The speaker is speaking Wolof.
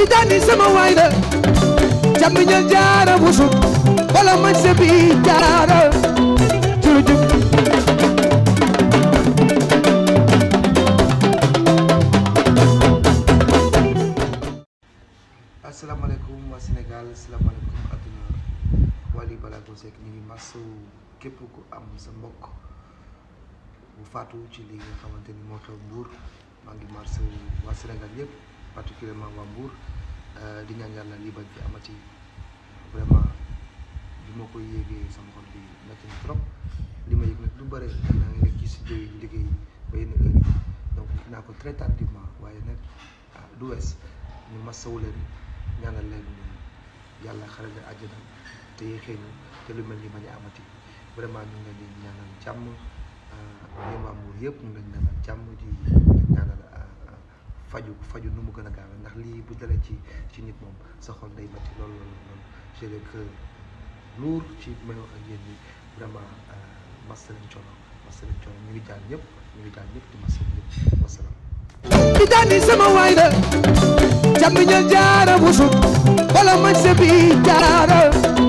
tijani sama waay la jambi ñal jaara busu wala man se bi jaara jurujub asalaamaaleykum waa Sénégal asalaamaaleykum adduna Wally Ballago Seck ñu ngi masu képp ku am sa mbokk bu faatu ci li nga xamante ni moo xew Mbour maa ngi masu waa Sénégal yëpp particulièrement waa Mbour euh, di ñaan yàlla lii bañ fi amati vraiment du ma koy yéegee sama xol bi metti na li ma yëg nag lu bare naa ngi nekk ci studio yi liggéey ba yenn heure ko très waaye nag ah du wees ñu masawu leen ñaanal leen yàlla xare leen àjjana te yéexee ñu te lu mel ni bañ a amati vraiment ñu ngi leen jàmm. ñoom ah, waa Mbour yëpp ñu ngi leen di ñaanal jàmm faju faju nu mu gën a gaawee ndax lii bu dalee ci ci nit moom sa xol day métti loolu loolu loolu j'ai le cœur lourd ci may wax ak yéen ñi vraiment euh, massa leen coono massa leen di massa ñëpp wasalaam daani sama waay la jàmm ñal jaara busut wala man sa bi jaara